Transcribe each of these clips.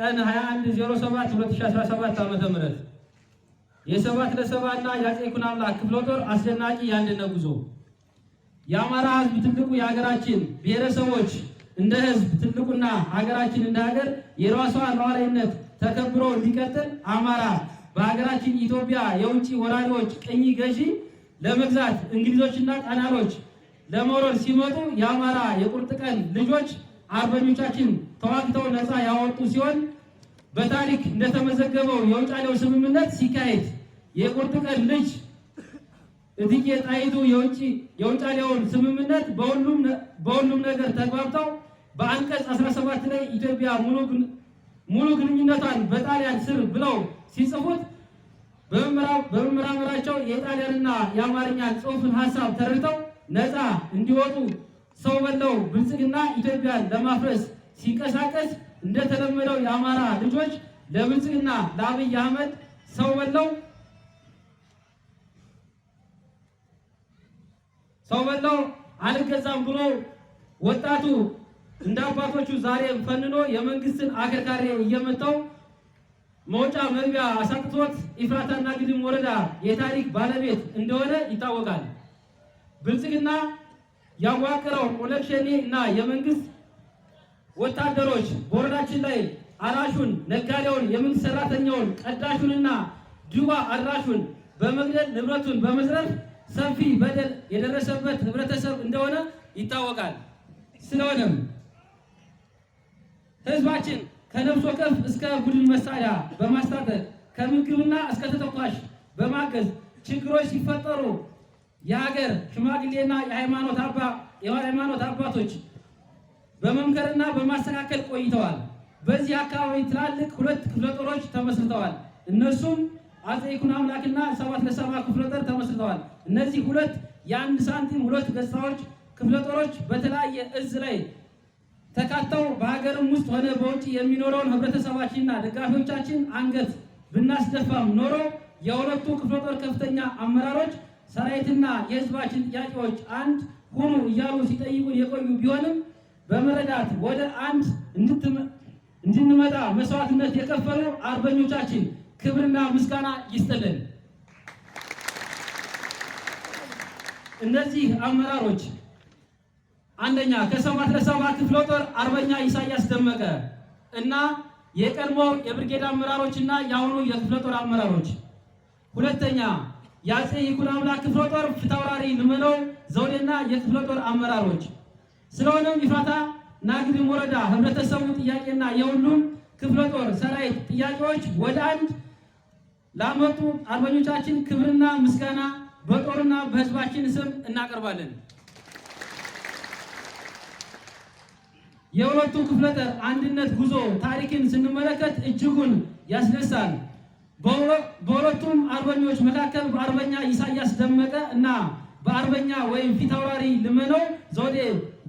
ቀን 21 2017 ዓመተ ምህረት የሰባት ለሰባ እና የአፄ ይኩኖላ ክፍለ ጦር አስደናቂ የአንድነት ጉዞ የአማራ ህዝብ ትልቁ የሀገራችን ብሔረሰቦች እንደ ህዝብ ትልቁና ሀገራችን እንደ ሀገር የራሷ ሉዓላዊነት ተከብሮ እንዲቀጥል አማራ በሀገራችን ኢትዮጵያ የውጭ ወራሪዎች ቅኝ ገዢ ለመግዛት እንግሊዞችና ጣሊያኖች ለመውረር ሲመጡ የአማራ የቁርጥ ቀን ልጆች አርበኞቻችን ተዋግተው ነፃ ያወጡ ሲሆን በታሪክ እንደተመዘገበው የውጫሌው ስምምነት ሲካሄድ የቁርጥ ቀን ልጅ እትዬ ጣይቱ የውጫሌውን ስምምነት በሁሉም ነገር ተግባብተው በአንቀጽ 17 ላይ ኢትዮጵያ ሙሉ ግንኙነቷን በጣሊያን ስር ብለው ሲጽፉት በመመራመራቸው የጣሊያንና የአማርኛ ጽሑፍን ሀሳብ ተረድተው ነፃ እንዲወጡ ሰው በለው ብልጽግና ኢትዮጵያን ለማፍረስ ሲንቀሳቀስ እንደተለመደው የአማራ ልጆች ለብልጽግና ለአብይ አህመድ ሰው በለው ሰው በለው አልገዛም ብሎ ወጣቱ እንደ አባቶቹ ዛሬም ፈንኖ የመንግስትን አከርካሪ እየመጣው መውጫ መግቢያ አሳጥቶት ኢፍራታና ግድም ወረዳ የታሪክ ባለቤት እንደሆነ ይታወቃል። ብልጽግና ያዋቀረው ኦነግ ሸኔ እና የመንግስት ወታደሮች በወረዳችን ላይ አራሹን፣ ነጋዴውን፣ የመንግስት ሰራተኛውን፣ ቀዳሹንና ዱባ አድራሹን በመግደል ንብረቱን በመዝረፍ ሰፊ በደል የደረሰበት ህብረተሰብ እንደሆነ ይታወቃል። ስለሆነም ህዝባችን ከነፍስ ወከፍ እስከ ቡድን መሳሪያ በማስታጠቅ ከምግብና እስከ ተተኳሽ በማገዝ ችግሮች ሲፈጠሩ የሀገር ሽማግሌና የሃይማኖት አባ የሃይማኖት አባቶች በመምከርና በማስተካከል ቆይተዋል። በዚህ አካባቢ ትላልቅ ሁለት ክፍለ ጦሮች ተመስርተዋል። እነሱም አጼ ይኩኖ አምላክና ሰባት ለሰባ ክፍለ ጦር ተመስርተዋል። እነዚህ ሁለት የአንድ ሳንቲም ሁለት ገጽታዎች ክፍለ ጦሮች በተለያየ እዝ ላይ ተካተው በሀገርም ውስጥ ሆነ በውጭ የሚኖረውን ህብረተሰባችንና ደጋፊዎቻችን አንገት ብናስደፋም ኖሮ የሁለቱ ክፍለ ጦር ከፍተኛ አመራሮች ሰራዊትና የህዝባችን ጥያቄዎች አንድ ሁኑ እያሉ ሲጠይቁን የቆዩ ቢሆንም በመረዳት ወደ አንድ እንድንመጣ መስዋዕትነት የከፈሉ አርበኞቻችን ክብርና ምስጋና ይስጥልን። እነዚህ አመራሮች አንደኛ ከሰባት ለሰባ ክፍለ ጦር አርበኛ ኢሳያስ ደመቀ እና የቀድሞ የብርጌድ አመራሮች እና የአሁኑ የክፍለ ጦር አመራሮች፣ ሁለተኛ የአፄ ይኩኖ አምላክ ክፍለ ጦር ፊታውራሪ ልመነው ዘውዴና የክፍለ ጦር አመራሮች ስለሆነም ኢፋታ ናግድም ወረዳ ህብረተሰቡ ጥያቄና የሁሉም ክፍለ ጦር ሰራዊት ጥያቄዎች ወደ አንድ ላመጡ አርበኞቻችን ክብርና ምስጋና በጦርና በህዝባችን ስም እናቀርባለን። የሁለቱ ክፍለ ጦር አንድነት ጉዞ ታሪክን ስንመለከት እጅጉን ያስደሳል። በሁለቱም አርበኞች መካከል በአርበኛ ኢሳያስ ደመቀ እና በአርበኛ ወይም ፊት አውራሪ ልመነው ዘውዴ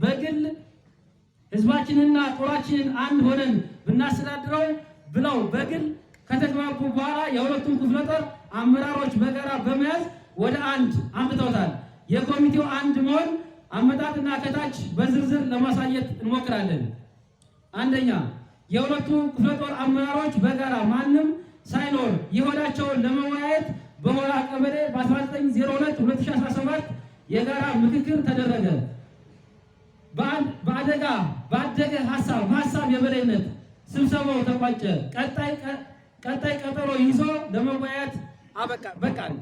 በግል ህዝባችንና ጦራችንን አንድ ሆነን ብናስተዳድረው ብለው በግል ከተግባቡ በኋላ የሁለቱም ክፍለ ጦር አመራሮች በጋራ በመያዝ ወደ አንድ አምጥተውታል። የኮሚቴው አንድ መሆን አመጣጥና ከታች በዝርዝር ለማሳየት እንሞክራለን። አንደኛ የሁለቱ ክፍለ ጦር አመራሮች በጋራ ማንም ሳይኖር የሆዳቸውን ለመወያየት በሞራ ቀበሌ በ1902 የጋራ ምክክር ተደረገ። በአደጋ ባደገ ሀሳብ ሀሳብ የበላይነት ስብሰባው ተቋጨ። ቀጣይ ቀጠሮ ይዞ ለመወያየት በቃል።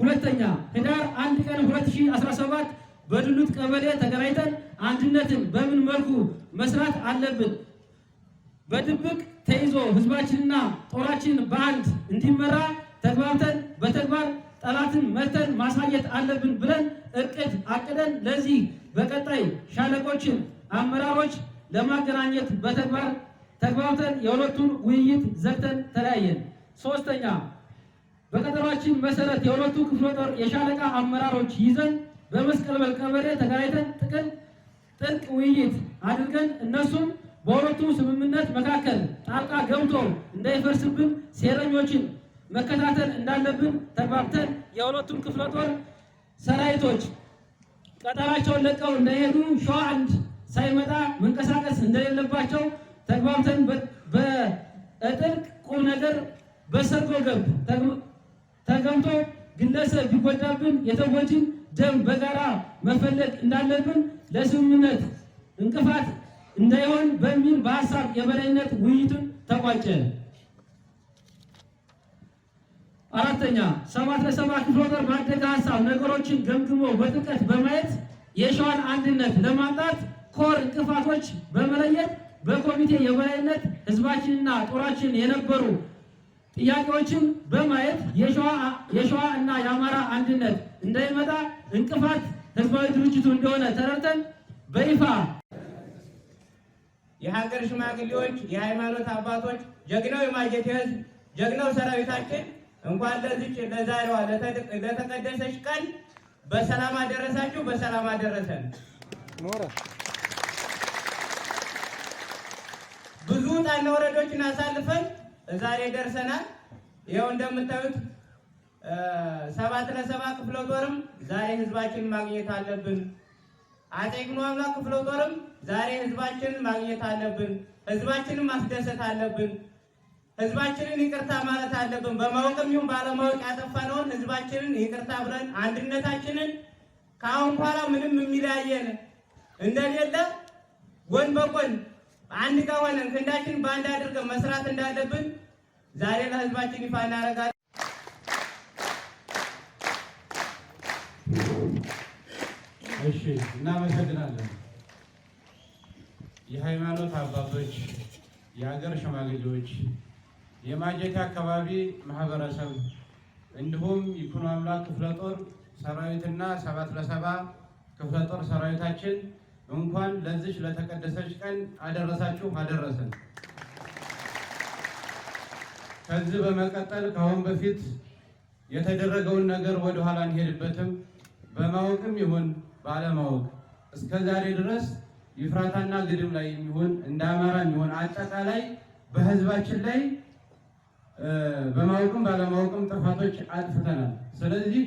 ሁለተኛ ህዳር አንድ ቀን 2017 በድሉት ቀበሌ ተገናኝተን አንድነትን በምን መልኩ መስራት አለብን በድብቅ ተይዞ ህዝባችንና ጦራችን በአንድ እንዲመራ ተግባብተን በተግባር ጠላትን መተን ማሳየት አለብን ብለን እቅድ አቅደን ለዚህ በቀጣይ ሻለቆችን አመራሮች ለማገናኘት በተግባር ተግባብተን የሁለቱን ውይይት ዘግተን ተለያየን። ሶስተኛ በቀጠሯችን መሰረት የሁለቱ ክፍለ ጦር የሻለቃ አመራሮች ይዘን በመስቀል ቀበሌ ተገናኝተን ጥቅል ጥልቅ ውይይት አድርገን እነሱም በሁለቱ ስምምነት መካከል ጣልቃ ገብቶ እንዳይፈርስብን ሴረኞችን መከታተል እንዳለብን ተግባብተን የሁለቱን ክፍለ ጦር ሰራዊቶች ቀጠራቸውን ለቀው እንዳይሄዱ ሸዋ አንድ ሳይመጣ መንቀሳቀስ እንደሌለባቸው ተግባብተን በጥልቅ ቁም ነገር በሰርጎ ገብ ተገምቶ ግለሰብ ቢጎዳብን የተጎጂን ደም በጋራ መፈለግ እንዳለብን ለስምምነት እንቅፋት እንዳይሆን በሚል በሀሳብ የበላይነት ውይይቱን ተቋጨ። አራተኛ ሰባት ለሰባ ክፍለ ጦር ባደገ ሀሳብ ነገሮችን ገምግሞ በጥልቀት በማየት የሸዋን አንድነት ለማምጣት ኮር እንቅፋቶች በመለየት በኮሚቴ የበላይነት ህዝባችንና ጦራችን የነበሩ ጥያቄዎችን በማየት የሸዋ እና የአማራ አንድነት እንዳይመጣ እንቅፋት ህዝባዊ ድርጅቱ እንደሆነ ተረድተን በይፋ የሀገር ሽማግሌዎች፣ የሃይማኖት አባቶች፣ ጀግናው የማጀቴ ህዝብ፣ ጀግናው ሰራዊታችን እንኳን ለዚች ለዛሬዋ ለተቀደሰች ቀን በሰላም አደረሳችሁ፣ በሰላም አደረሰን። ብዙ ጣና ወረዶችን አሳልፈን ዛሬ ደርሰናል። ይኸው እንደምታዩት ሰባት ለሰባ ክፍለ ጦርም ዛሬ ህዝባችን ማግኘት አለብን። አፄ ይግኖ አምላክ ክፍለ ጦርም ዛሬ ህዝባችንን ማግኘት አለብን። ህዝባችንን ማስደሰት አለብን። ህዝባችንን ይቅርታ ማለት አለብን። በማወቅም ይሁን ባለማወቅ ያጠፋነውን ህዝባችንን ይቅርታ ብለን አንድነታችንን ከአሁን በኋላ ምንም የሚለያየን እንደሌለ ጎን በጎን አንድ ጋር ክንዳችን በአንድ አድርገን መስራት እንዳለብን ዛሬ ለህዝባችን ይፋ እናደርጋለን። እሺ፣ እናመሰግናለን። የሃይማኖት አባቶች፣ የሀገር ሽማግሌዎች የማጀቴ አካባቢ ማህበረሰብ እንዲሁም ይኩኖ አምላክ ክፍለ ጦር ሰራዊትና ሰባት ለሰባ ክፍለ ጦር ሰራዊታችን እንኳን ለዚች ለተቀደሰች ቀን አደረሳችሁ አደረሰን። ከዚህ በመቀጠል ከአሁን በፊት የተደረገውን ነገር ወደ ኋላ እንሄድበትም በማወቅም ይሁን ባለማወቅ እስከ ዛሬ ድረስ ይፍራታና ግድም ላይ የሚሆን እንደ አማራ የሚሆን አጠቃላይ በህዝባችን ላይ በማወቅም ባለማወቅም ጥፋቶች አጥፍተናል። ስለዚህ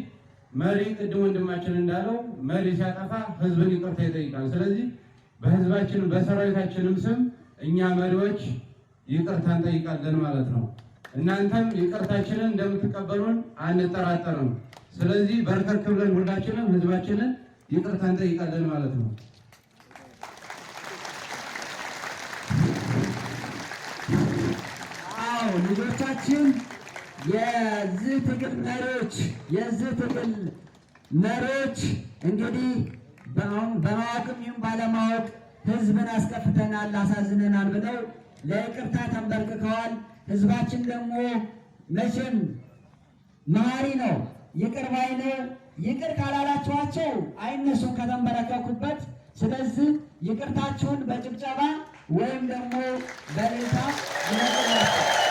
መሪ ቅድም ወንድማችን እንዳለው መሪ ሲያጠፋ ህዝብን ይቅርታ ይጠይቃል። ስለዚህ በህዝባችን በሰራዊታችንም ስም እኛ መሪዎች ይቅርታ እንጠይቃለን ማለት ነው። እናንተም ይቅርታችንን እንደምትቀበሉን አንጠራጠርም። ስለዚህ በርከክ ብለን ሁላችንም ህዝባችንን ይቅርታ እንጠይቃለን ማለት ነው። ልጆቻችን የዚህ ትግል መሪዎች የዚህ ትግል መሪዎች እንግዲህ በማወቅም ይሁን ባለማወቅ ህዝብን አስከፍተናል፣ አሳዝነናል ብለው ለይቅርታ ተንበርክከዋል። ህዝባችን ደግሞ መቼም መሀሪ ነው፣ ይቅር ባይ ነው። ይቅር ካላላችኋቸው አይነሱም ከተንበረከኩበት። ስለዚህ ይቅርታችሁን በጭብጨባ ወይም ደግሞ በሌታ ይነጥላቸው።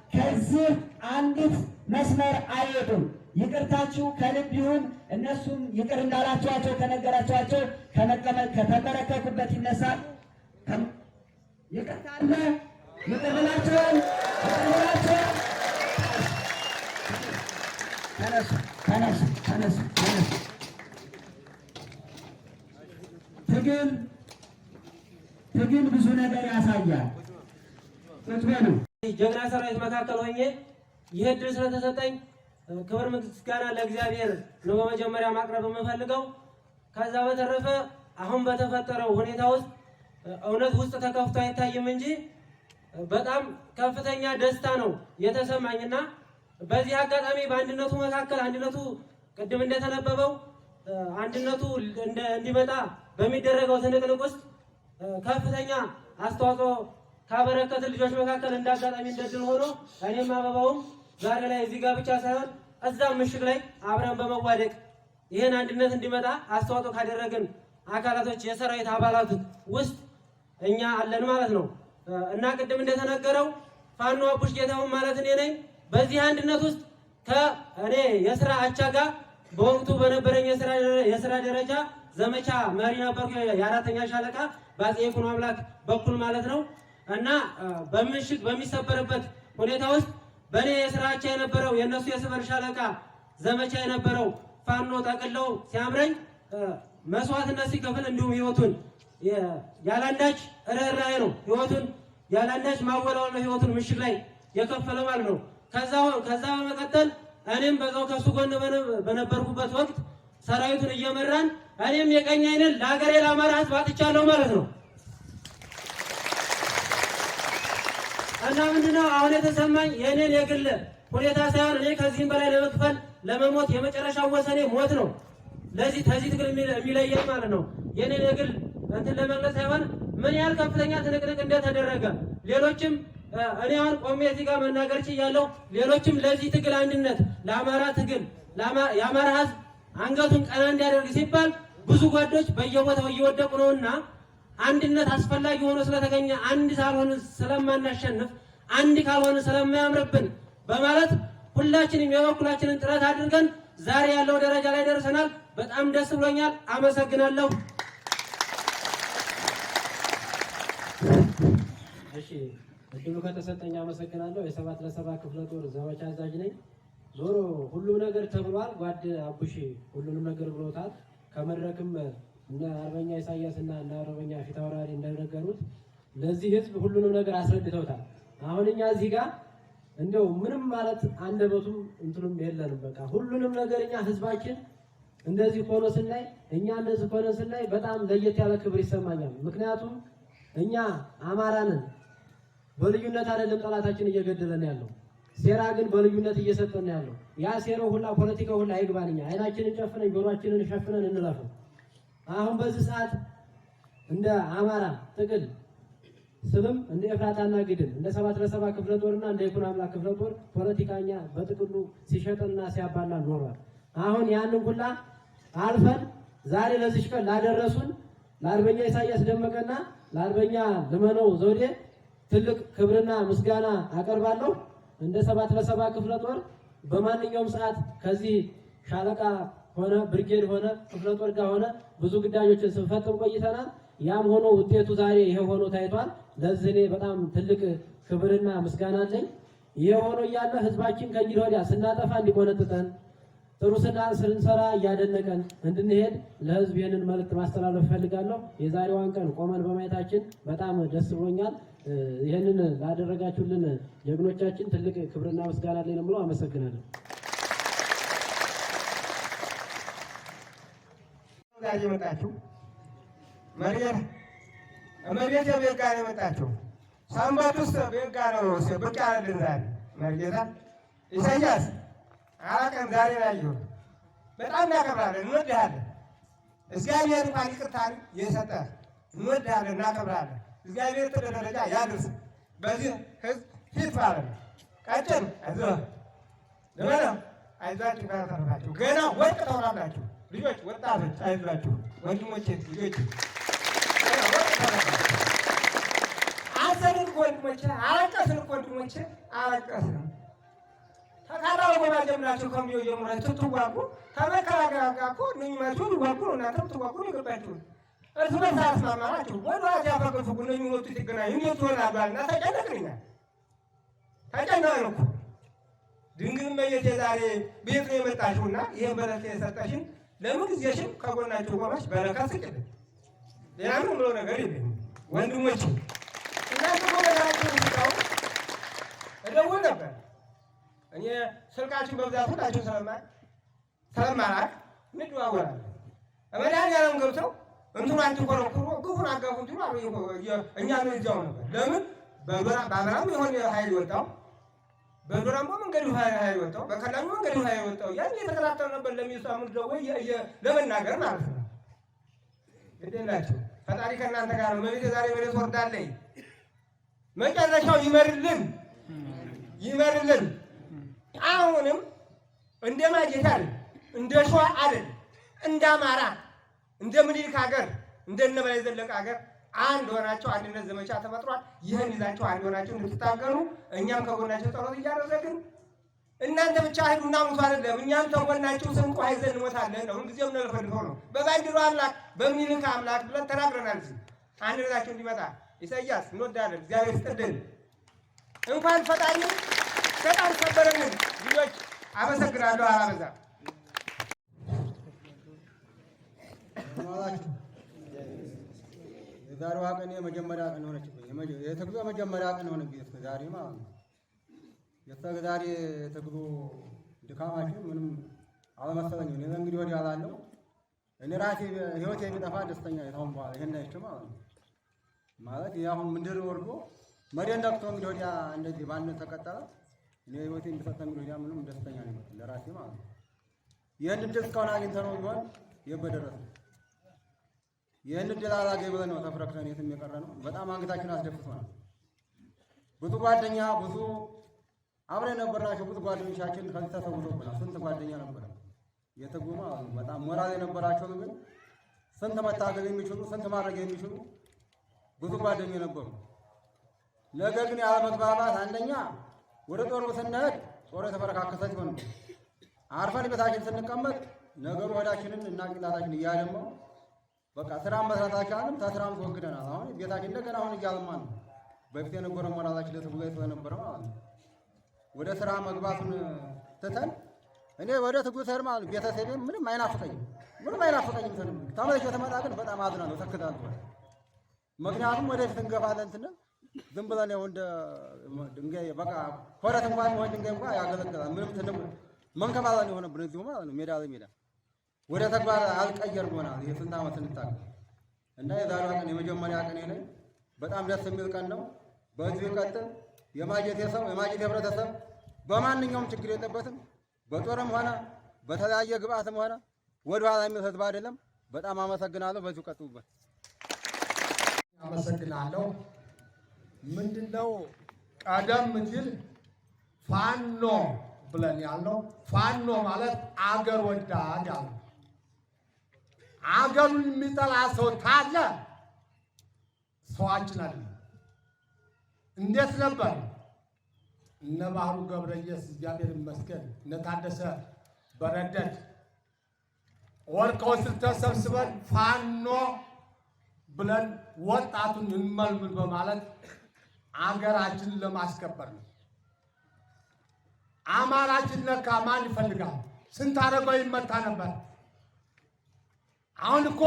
ከዚህ አንዲት መስመር አይሄዱም። ይቅርታችሁ ከልብ ይሁን። እነሱም ይቅር እንዳላችኋቸው ከነገራችኋቸው ከተመረከኩበት ይነሳል። ይቅርታለ አለ። ይቅር ብላችኋል። ተነሱ፣ ተነሱ፣ ተነሱ፣ ተነሱ። ትግል ትግል ብዙ ነገር ያሳያል። ቁጭ በሉ። ጀግና ሰራዊት መካከል ሆኜ ይህ እድል ስለተሰጠኝ ክብር ምስጋና ለእግዚአብሔር ነው በመጀመሪያ ማቅረብ የምፈልገው። ከዛ በተረፈ አሁን በተፈጠረው ሁኔታ ውስጥ እውነት ውስጥ ተከፍቶ አይታይም እንጂ በጣም ከፍተኛ ደስታ ነው የተሰማኝ እና በዚህ አጋጣሚ በአንድነቱ መካከል አንድነቱ ቅድም እንደተነበበው አንድነቱ እንዲመጣ በሚደረገው ትንቅንቅ ውስጥ ከፍተኛ አስተዋጽኦ ካበረከት ልጆች መካከል እንዳጋጣሚ እንደድል ሆኖ እኔም አበባውም ዛሬ ላይ እዚህ ጋር ብቻ ሳይሆን እዛ ምሽግ ላይ አብረን በመዋደቅ ይህን አንድነት እንዲመጣ አስተዋጽኦ ካደረግን አካላቶች የሰራዊት አባላት ውስጥ እኛ አለን ማለት ነው እና ቅድም እንደተነገረው ፋኖ አቡሽ ጌታውን ማለት እኔ ነኝ። በዚህ አንድነት ውስጥ ከእኔ የስራ አቻ ጋር በወቅቱ በነበረኝ የስራ ደረጃ ዘመቻ መሪ ነበርኩ፣ የአራተኛ ሻለቃ በአፄ ይኩኖ አምላክ በኩል ማለት ነው። እና በምሽግ በሚሰበርበት ሁኔታ ውስጥ በእኔ የስራቻ የነበረው የእነሱ የስበር ሻለቃ ዘመቻ የነበረው ፋኖ ጠቅለው ሲያምረኝ መስዋዕትነት ሲከፍል እንዲሁም ህይወቱን ያላንዳች ርኅራኄ ነው ህይወቱን ያላንዳች ማወላወል ነው ህይወቱን ምሽግ ላይ የከፈለ ማለት ነው። ከዛ ከዛ በመቀጠል እኔም በዛው ከሱ ጎን በነበርኩበት ወቅት ሰራዊቱን እየመራን እኔም የቀኝ አይንን ለሀገሬ ለአማራ ህዝብ አጥቻለሁ ማለት ነው። እና ምንድነው አሁን የተሰማኝ የእኔን የግል ሁኔታ ሳይሆን እኔ ከዚህም በላይ ለመክፈል ለመሞት የመጨረሻ ወሰኔ ሞት ነው። ለዚህ ተዚህ ትግል የሚለየን ማለት ነው የእኔን የግል እንትን ለመግለጽ ሳይሆን ምን ያህል ከፍተኛ ትንቅንቅ እንደተደረገ ሌሎችም እኔ አሁን ቆሜ እዚህ ጋር መናገር ችያለሁ። ሌሎችም ለዚህ ትግል አንድነት፣ ለአማራ ትግል የአማራ ሕዝብ አንገቱን ቀና እንዲያደርግ ሲባል ብዙ ጓዶች በየቦታው እየወደቁ ነውና አንድነት አስፈላጊ ሆኖ ስለተገኘ አንድ ሳልሆን ስለማናሸንፍ፣ አንድ ካልሆን ስለማያምርብን በማለት ሁላችንም የበኩላችንን ጥረት አድርገን ዛሬ ያለው ደረጃ ላይ ደርሰናል። በጣም ደስ ብሎኛል። አመሰግናለሁ። እሺ፣ እድሉ ከተሰጠኝ አመሰግናለሁ። የሰባት ለሰባት ክፍለ ጦር ዘመቻ አዛዥ ነኝ። ዞሮ ሁሉም ነገር ተብሏል። ጓድ አቡሽ ሁሉንም ነገር ብሎታል። ከመድረክም እነ አርበኛ እና እነ አርበኛ ፊታውራሪ እንደነገሩት ለዚህ ህዝብ ሁሉንም ነገር አስረድተውታል። አሁን እኛ እዚህ ጋር እንደው ምንም ማለት አንደበቱም እንትኑም የለንም። በቃ ሁሉንም ነገር እኛ ህዝባችን እንደዚህ ሆኖ ስናይ፣ እኛ እንደዚህ ሆኖ ስናይ በጣም ለየት ያለ ክብር ይሰማኛል። ምክንያቱም እኛ አማራንን በልዩነት አይደለም ጠላታችን እየገደለን ያለው ሴራ ግን በልዩነት እየሰጠን ያለው ያ ሴራው ሁላ ፖለቲካው ሁላ አይግባንኛ አይናችንን ጨፍነን ጆሮአችንን ሸፍነን እንለፈው። አሁን በዚህ ሰዓት እንደ አማራ ትግል ስብም እንደ ኤፍራታና ግድም እንደ ሰባት ለሰባ ክፍለ ጦርና እንደ ይኩኖ አምላክ ክፍለ ጦር ፖለቲካኛ በጥቅሉ ሲሸጥና ሲያባላ ኖሯል። አሁን ያንን ሁላ አልፈን ዛሬ ለዚች ቀን ላደረሱን ለአርበኛ ኢሳያስ ደመቀና ለአርበኛ ልመነው ዘውዴ ትልቅ ክብርና ምስጋና አቀርባለሁ። እንደ ሰባት ለሰባ ክፍለ ጦር በማንኛውም ሰዓት ከዚህ ሻለቃ ሆነ ብርጌድ ሆነ ክፍለ ጦር ጋር ሆነ ብዙ ግዳጆችን ስንፈጥር ቆይተናል። ያም ሆኖ ውጤቱ ዛሬ ይሄ ሆኖ ታይቷል። ለዚህ እኔ በጣም ትልቅ ክብርና ምስጋና አለኝ። ይሄ ሆኖ እያለ ህዝባችን ከእንግዲህ ወዲያ ስናጠፋ እንዲቆነጥጠን ጥሩ ስንሰራ እያደነቀን እንድንሄድ ለህዝብ ይህንን መልእክት ማስተላለፍ እፈልጋለሁ። የዛሬዋን ቀን ቆመን በማየታችን በጣም ደስ ብሎኛል። ይህንን ላደረጋችሁልን ጀግኖቻችን ትልቅ ክብርና ምስጋና አለኝ ብሎ አመሰግናለሁ። ዛሬ የመጣችሁ መሪየር እመቤት ነው የመጣችሁ። ሰንበት ውስጥ ነው ብቅ ያለልን ዛሬ መርጌታ ኢሳያስ አላቀን ዛሬ በጣም እናከብራለን፣ እንወድሃለን። እግዚአብሔር እንኳን ይቅርታን የሰጠ እንወድሃለን፣ እናከብራለን። እግዚአብሔር ደረጃ ያድርስ በዚህ ህዝብ ፊት ማለት ነው። ቀጭን አይዞህ ልበለው፣ አይዟችሁ፣ ተረፋችሁ ገና ወርቅ ልጆች ወጣቶች አይዟችሁ፣ ወንድሞቼ ልጆች አዘንን ወንድሞቼ፣ አለቀስን ወንድሞቼ፣ አለቀስን። ተቃራኒ ጎራ ጀምራችሁ ከሚው ጀምራችሁ ትዋጉ ከመከላከያ ጋር እኮ ነው። እናንተም ትዋጉ ነው የገባችሁ እርስ በርስ አስማማችሁ። ወደ ዋዚ አፈቅፉ ነው የሚወጡ እንዴት ይሆናሉ? እና ተጨነቅንኛ ተጨነቅን ድንግል እመቤቴ ዛሬ ቤት ነው የመጣሽውና ይሄን በረከት የሰጠሽን ለምን ጊዜሽም ከጎናቸው ቆመች በረከት ስጭል። ሌላ ምን ብሎ ነገር የለ ወንድሞች እናንተ ጎበዛቸው ስቃው እደውል ነበር እኔ ስልካችሁ በብዛት ሁላችሁ ስለማላክ እንደዋወላለን። መድኃኒዓለም ገብተው እንትኑ አንትኮረኩሮ ግፉን አጋፉ እንትኑ እኛ ነው እዚያው ነበር። ለምን በአብራም የሆነ ሀይል ወጣው በዱራምቦ መንገድ ውሃ የወጣው መንገድ ውሃ የወጣው ያን ነበር። ለመናገር ማለት ነው። ፈጣሪ ከእናንተ ጋር ነው። ዛሬ ወርዳለኝ። መጨረሻው ይመርልን ይመርልን። አሁንም እንደ ማጌታ እንደ ሸዋ እንደ አማራ እንደ ምኒልክ ሀገር እንደነ በላይ ዘለቀ ሀገር አንድ ሆናቸው አንድነት ዘመቻ ተፈጥሯል። ይህን ይዛቸው አንድ ሆናቸው እንድትታገሉ እኛም ከጎናችሁ ጸሎት እያደረግን እናንተ ብቻ እና ሙቱ አይደለም፣ እኛም ተጎናችሁ ስንቆይ ዘንድ እንሞታለን ነው። ሁልጊዜም የምንፈልገው ነው። በባይድሮ አምላክ በሚልክ አምላክ ብለን ተናግረናል። እዚህ አንድነታችሁ እንዲመጣ ኢሳያስ እንወዳለን። እግዚአብሔር ይስጥልን። እንኳን ፈጣሪ ሰጣን ሰበረልን። ልጆች አመሰግናለሁ። አላበዛም የዛሬዋ ቀን የመጀመሪያ ቀን ሆነች። የትግሉ የመጀመሪያ ቀን ሆነብኝ እስከ ዛሬ ማለት ነው። የእስከ ዛሬ ትግሉ ድካማችን ምንም አልመሰለኝም። እኔ እንግዲህ ወዲህ አላለው እኔ ራሴ ህይወት የሚጠፋ ደስተኛ የታሁን በኋላ ይሄን አይቼ ማለት ነው ማለት አሁን ምንድር ወርዶ መሬት ነቅቶ እንግዲህ ወዲያ እንደዚህ ባንድ ተቀጠለ እኔ ህይወቴ እንደሰጠ እንግዲህ ወዲያ ምንም ደስተኛ ነው ለራሴ ማለት ነው። ይህን ድል እስካሁን አግኝተነው ቢሆን የበደረሰ ይህን ድል አላገኝ ብለን ነው ተፍረክረን የትም የቀረ ነው። በጣም አንገታችን አስደፍቶናል። ብዙ ጓደኛ ብዙ አብረን የነበርናቸው ብዙ ጓደኞቻችን ከዚህ ተሰውቶብናል። ስንት ጓደኛ ነበረ የተጉማ በጣም ሞራል የነበራቸውን ግን ስንት መታገል የሚችሉ ስንት ማድረግ የሚችሉ ብዙ ጓደኛ ነበሩ። ነገር ግን ያለመግባባት አንደኛ ወደ ጦር ስንሄድ ጦር የተፈረካከሰ ሲሆን አርፈን ቤታችን ስንቀመጥ ነገሩ ወዳችንን እና ጭንቅላታችን እያደመው በቃ ስራ መስራት አልቻልንም። ተስራም ተወግደናል። አሁን ቤታችን እንደገና አሁን እያልማን ነው። በፊት የነበረ ሞራላችን ለትጉዛ ስለነበረ ማለት ነው ወደ ስራ መግባቱን ትተን እኔ ወደ ትጉዝ ሰር ማለት ቤተሰቤ ምንም አይናፍቀኝም፣ ምንም አይናፍቀኝም። ትን ተመለሽ የተመጣ ግን በጣም አዝናለሁ፣ እሰክታለሁ። ምክንያቱም ወደፊት እንገፋለን ስንል ዝም ብለን ያው እንደ ድንጋይ በቃ ኮረት እንኳን ሆን ድንጋይ እንኳ ያገለግላል። ምንም ትንም መንከባለን የሆነብን እዚሁ ማለት ነው ሜዳ ለሜዳ ወደ ተግባር አልቀየርነውና የስንት ዓመት እንታገል እና የዛሬዋ ቀን የመጀመሪያ ቀን ይነ በጣም ደስ የሚል ቀን ነው። በዚሁ ይቀጥል። የማጀቴ ሰው የማጀቴ ህብረተሰብ በማንኛውም ችግር የለበትም። በጦርም ሆነ በተለያየ ግብአትም ሆነ ወደኋላ የሚል ህዝብ አይደለም። በጣም አመሰግናለሁ። በዚሁ ቀጥሉበት። አመሰግናለሁ። ምንድነው ቀደም ሲል ፋኖ ብለን ያለው ፋኖ ማለት አገር ወዳድ ያለው አገሩን የሚጠላ ሰው ካለ ሰዋችን አለ። እንዴት ነበር እነ ባህሩ ገብረየስ እግዚአብሔር ይመስገን፣ እነ ታደሰ በረደድ ወርቀ ወስል ተሰብስበን ፋኖ ብለን ወጣቱን እንመልምል በማለት አገራችንን ለማስከበር ነው። አማራችን ነካ ማን ይፈልጋል? ስንት አረጋዊ ይመታ ነበር። አሁን እኮ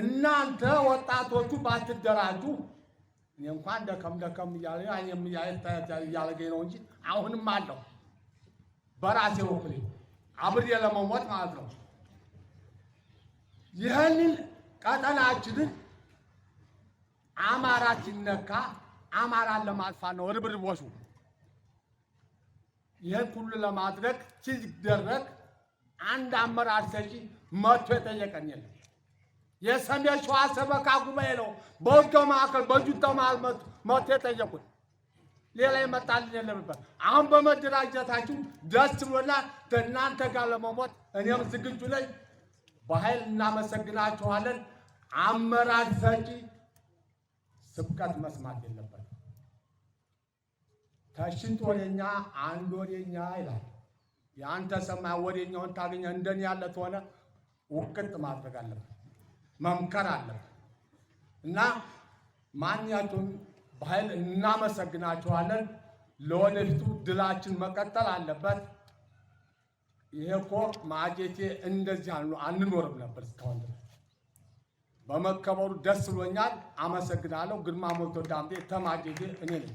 እናንተ ወጣቶቹ ባትደራጁ እኔ እንኳን ደከም ደከም እያለ እያለገኝ ነው እንጂ አሁንም አለው በራሴ በኩል አብሬ ለመሞት ማለት ነው። ይህንን ቀጠናችንን አማራ ሲነካ አማራን ለማጥፋት ነው ርብርቦሹ። ይህን ሁሉ ለማድረግ ሲደረግ አንድ አመራር ሰጪ መቶ የጠየቀን የለም። የሰሜን ሸዋ ሰበካ ጉባኤ ነው። በውጊያው መካከል በጁንታው መሀል መቶ የጠየቁት ሌላ የመጣልን የለምበት። አሁን በመደራጀታችሁ ደስ ብሎና ከእናንተ ጋር ለመሞት እኔም ዝግጁ ላይ በኃይል እናመሰግናችኋለን። አመራር ሰጪ ስብከት መስማት የለበት። ከሽንት ወደኛ አንድ ወደኛ ይላል። የአንተ ሰማይ ወደኛውን ታገኘ እንደኔ ያለ ተሆነ ውቅጥ ማድረግ አለበት። መምከር አለ እና ማንኛቱን በኃይል እናመሰግናቸዋለን። ለወደፊቱ ድላችን መቀጠል አለበት። ይሄ እኮ ማጀቴ እንደዚህ አንኖርም ነበር እስካሁን ድረስ። በመከበሩ ደስ ብሎኛል። አመሰግናለሁ። ግርማ ሞልቶ ዳምጤ ተማጀቴ እኔ ነኝ።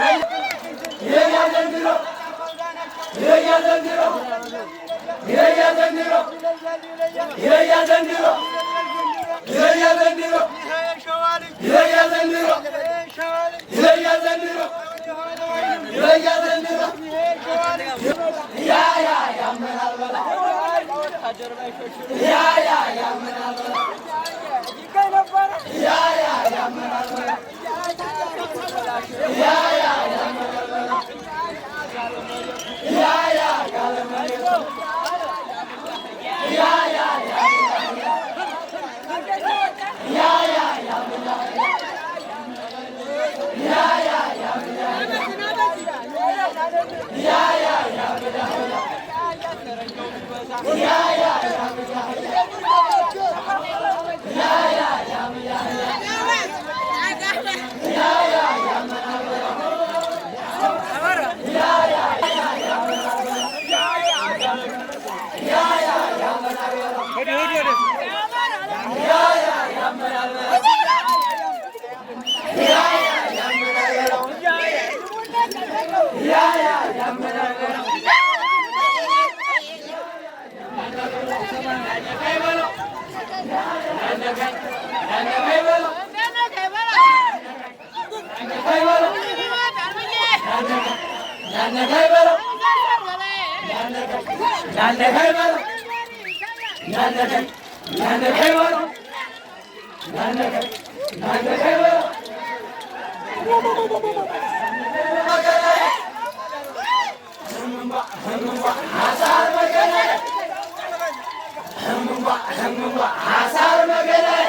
Niye geldin diyor? Niye geldin diyor? Niye geldin diyor? Niye geldin diyor? Niye geldin diyor? Niye geldin diyor? Niye geldin diyor? Niye geldin diyor? Ya ya ya men alvala. Ya ya ya men alvala. Ya ya ya men alvala. Yeah, yeah, yeah. Hanuma हनुमा हजार I Hasar magana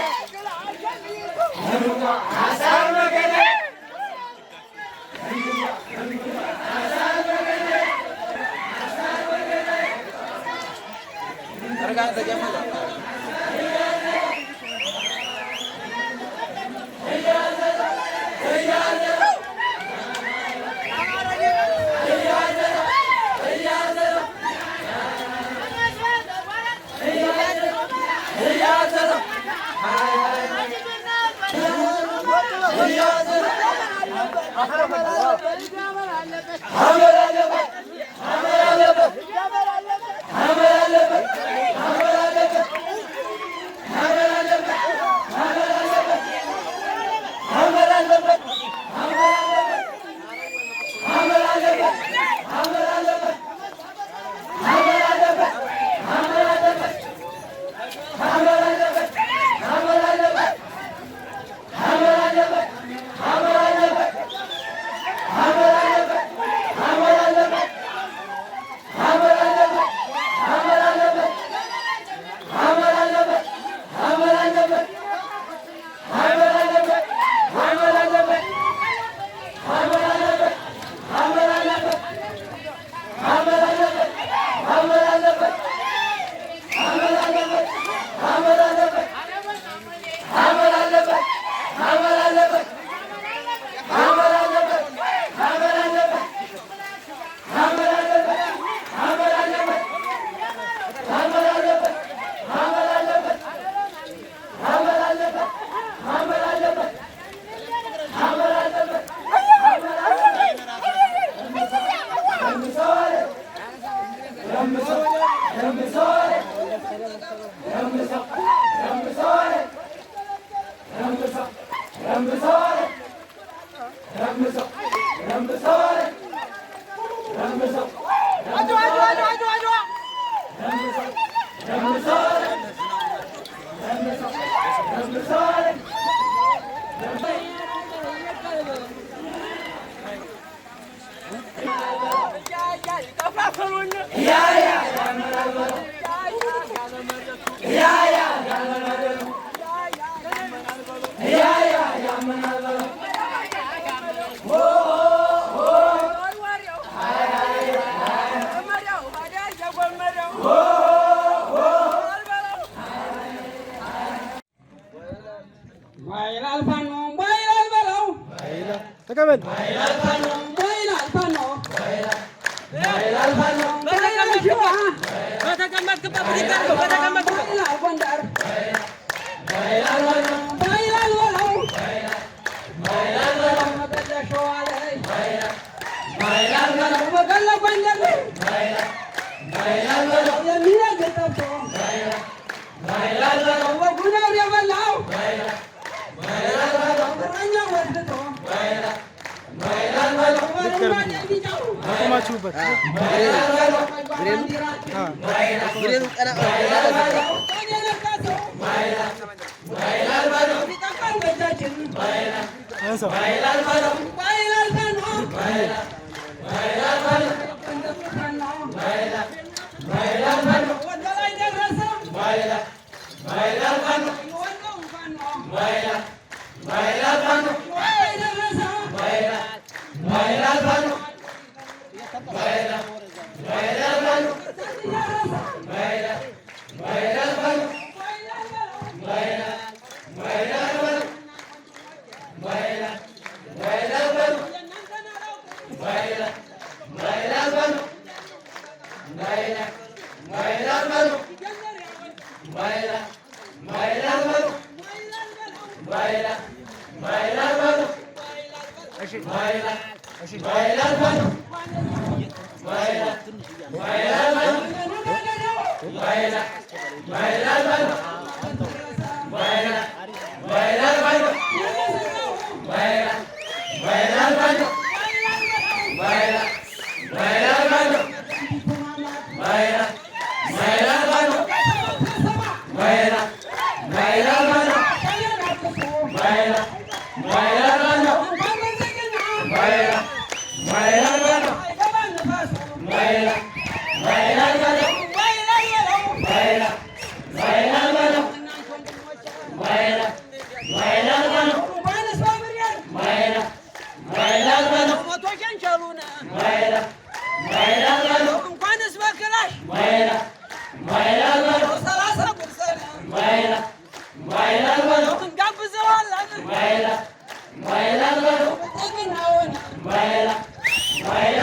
来来 Baila, Eso. baila el balón, baila el balón, baila, baila el balón, baila, baila el balón, baila, महिला महिला महिला महिला महिला महिला महिला महिला महिला महिला महिला बैला महिला मैला